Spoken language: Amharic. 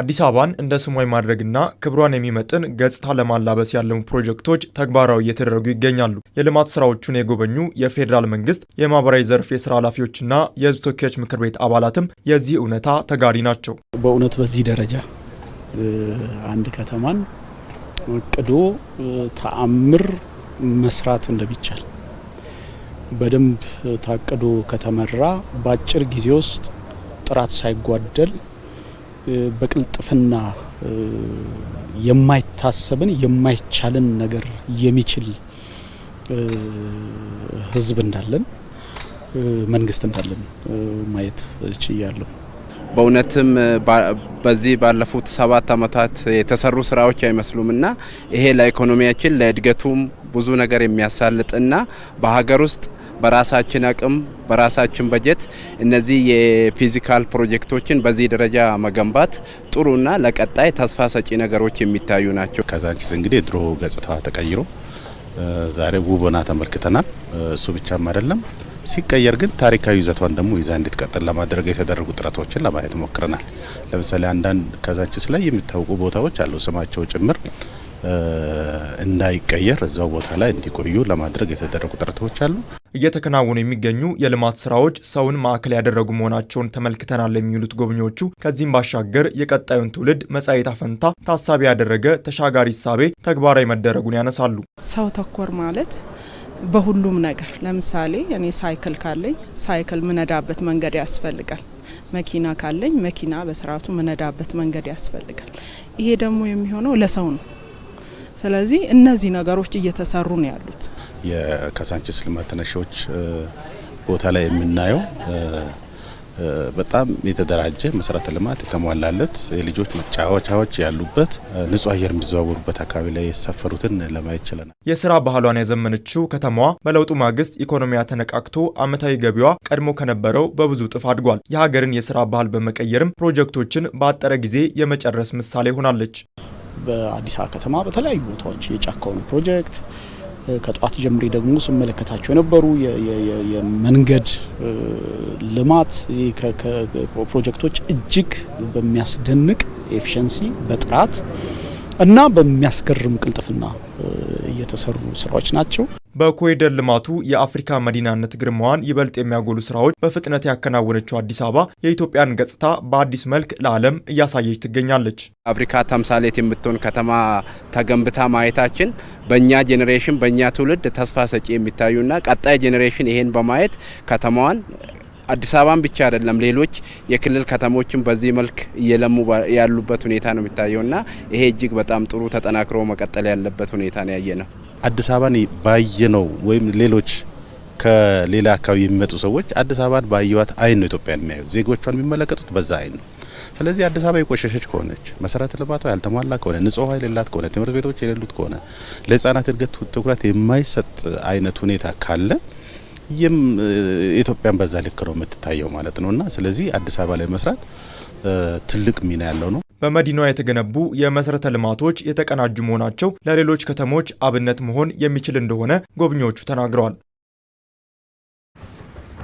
አዲስ አበባን እንደ ስሟ የማድረግና ክብሯን የሚመጥን ገጽታ ለማላበስ ያለሙ ፕሮጀክቶች ተግባራዊ እየተደረጉ ይገኛሉ። የልማት ስራዎቹን የጎበኙ የፌዴራል መንግስት የማህበራዊ ዘርፍ የስራ ኃላፊዎችና የህዝብ ተወካዮች ምክር ቤት አባላትም የዚህ እውነታ ተጋሪ ናቸው። በእውነት በዚህ ደረጃ አንድ ከተማን ቅዶ ተአምር መስራት እንደሚቻል በደንብ ታቅዶ ከተመራ በአጭር ጊዜ ውስጥ ጥራት ሳይጓደል በቅልጥፍና የማይታሰብን የማይቻልን ነገር የሚችል ህዝብ እንዳለን መንግስት እንዳለን ማየት ችያለሁ። በእውነትም በዚህ ባለፉት ሰባት አመታት የተሰሩ ስራዎች አይመስሉም እና ይሄ ለኢኮኖሚያችን ለእድገቱም ብዙ ነገር የሚያሳልጥና በሀገር ውስጥ በራሳችን አቅም በራሳችን በጀት እነዚህ የፊዚካል ፕሮጀክቶችን በዚህ ደረጃ መገንባት ጥሩና ለቀጣይ ተስፋ ሰጪ ነገሮች የሚታዩ ናቸው። ካዛንቺስ እንግዲህ የድሮ ገጽታዋ ተቀይሮ ዛሬ ውብ ሆና ተመልክተናል። እሱ ብቻም አይደለም፣ ሲቀየር ግን ታሪካዊ ይዘቷን ደግሞ ይዛ እንድትቀጥል ለማድረግ የተደረጉ ጥረቶችን ለማየት ሞክረናል። ለምሳሌ አንዳንድ ካዛንቺስ ላይ የሚታወቁ ቦታዎች አሉ ስማቸው ጭምር እንዳይቀየር እዛው ቦታ ላይ እንዲቆዩ ለማድረግ የተደረጉ ጥረቶች አሉ። እየተከናወኑ የሚገኙ የልማት ስራዎች ሰውን ማዕከል ያደረጉ መሆናቸውን ተመልክተናል የሚሉት ጎብኚዎቹ ከዚህም ባሻገር የቀጣዩን ትውልድ መጻኢ ዕጣ ፈንታ ታሳቢ ያደረገ ተሻጋሪ እሳቤ ተግባራዊ መደረጉን ያነሳሉ። ሰው ተኮር ማለት በሁሉም ነገር ለምሳሌ እኔ ሳይክል ካለኝ ሳይክል ምነዳበት መንገድ ያስፈልጋል። መኪና ካለኝ መኪና በስርዓቱ ምነዳበት መንገድ ያስፈልጋል። ይሄ ደግሞ የሚሆነው ለሰው ነው። ስለዚህ እነዚህ ነገሮች እየተሰሩ ነው ያሉት። የካሳንቺስ ልማት ተነሺዎች ቦታ ላይ የምናየው በጣም የተደራጀ መሰረተ ልማት የተሟላለት የልጆች መጫወቻዎች ያሉበት ንጹህ አየር የሚዘዋወሩበት አካባቢ ላይ የተሰፈሩትን ለማየት ችለናል። የስራ ባህሏን ያዘመነችው ከተማዋ በለውጡ ማግስት ኢኮኖሚያ ተነቃቅቶ አመታዊ ገቢዋ ቀድሞ ከነበረው በብዙ እጥፍ አድጓል። የሀገርን የስራ ባህል በመቀየርም ፕሮጀክቶችን በአጠረ ጊዜ የመጨረስ ምሳሌ ሆናለች። በአዲስ አበባ ከተማ በተለያዩ ቦታዎች የጫካውን ፕሮጀክት ከጠዋት ጀምሬ ደግሞ ስመለከታቸው የነበሩ የመንገድ ልማት ፕሮጀክቶች እጅግ በሚያስደንቅ ኤፊሽንሲ በጥራት እና በሚያስገርም ቅልጥፍና የተሰሩ ስራዎች ናቸው። በኮሪደር ልማቱ የአፍሪካ መዲናነት ግርማዋን ይበልጥ የሚያጎሉ ስራዎች በፍጥነት ያከናወነችው አዲስ አበባ የኢትዮጵያን ገጽታ በአዲስ መልክ ለዓለም እያሳየች ትገኛለች። አፍሪካ ተምሳሌት የምትሆን ከተማ ተገንብታ ማየታችን በእኛ ጄኔሬሽን በእኛ ትውልድ ተስፋ ሰጪ የሚታዩና ቀጣይ ጄኔሬሽን ይሄን በማየት ከተማዋን አዲስ አበባን ብቻ አይደለም ሌሎች የክልል ከተሞችን በዚህ መልክ እየለሙ ያሉበት ሁኔታ ነው የሚታየውና ይሄ እጅግ በጣም ጥሩ ተጠናክሮ መቀጠል ያለበት ሁኔታ ነው ያየ ነው። አዲስ አበባን ባየነው ወይም ሌሎች ከሌላ አካባቢ የሚመጡ ሰዎች አዲስ አበባን ባየዋት አይን ነው ኢትዮጵያን የሚያዩት። ዜጎቿን የሚመለከቱት በዛ አይን ነው። ስለዚህ አዲስ አበባ የቆሸሸች ከሆነች፣ መሰረተ ልማቷ ያልተሟላ ከሆነ፣ ንጹህ ውሃ የሌላት ከሆነ፣ ትምህርት ቤቶች የሌሉት ከሆነ፣ ለህጻናት እድገት ትኩረት የማይሰጥ አይነት ሁኔታ ካለ ይህም ኢትዮጵያን በዛ ልክ ነው የምትታየው ማለት ነውና ስለዚህ አዲስ አበባ ላይ መስራት ትልቅ ሚና ያለው ነው። በመዲናዋ የተገነቡ የመሠረተ ልማቶች የተቀናጁ መሆናቸው ለሌሎች ከተሞች አብነት መሆን የሚችል እንደሆነ ጎብኚዎቹ ተናግረዋል።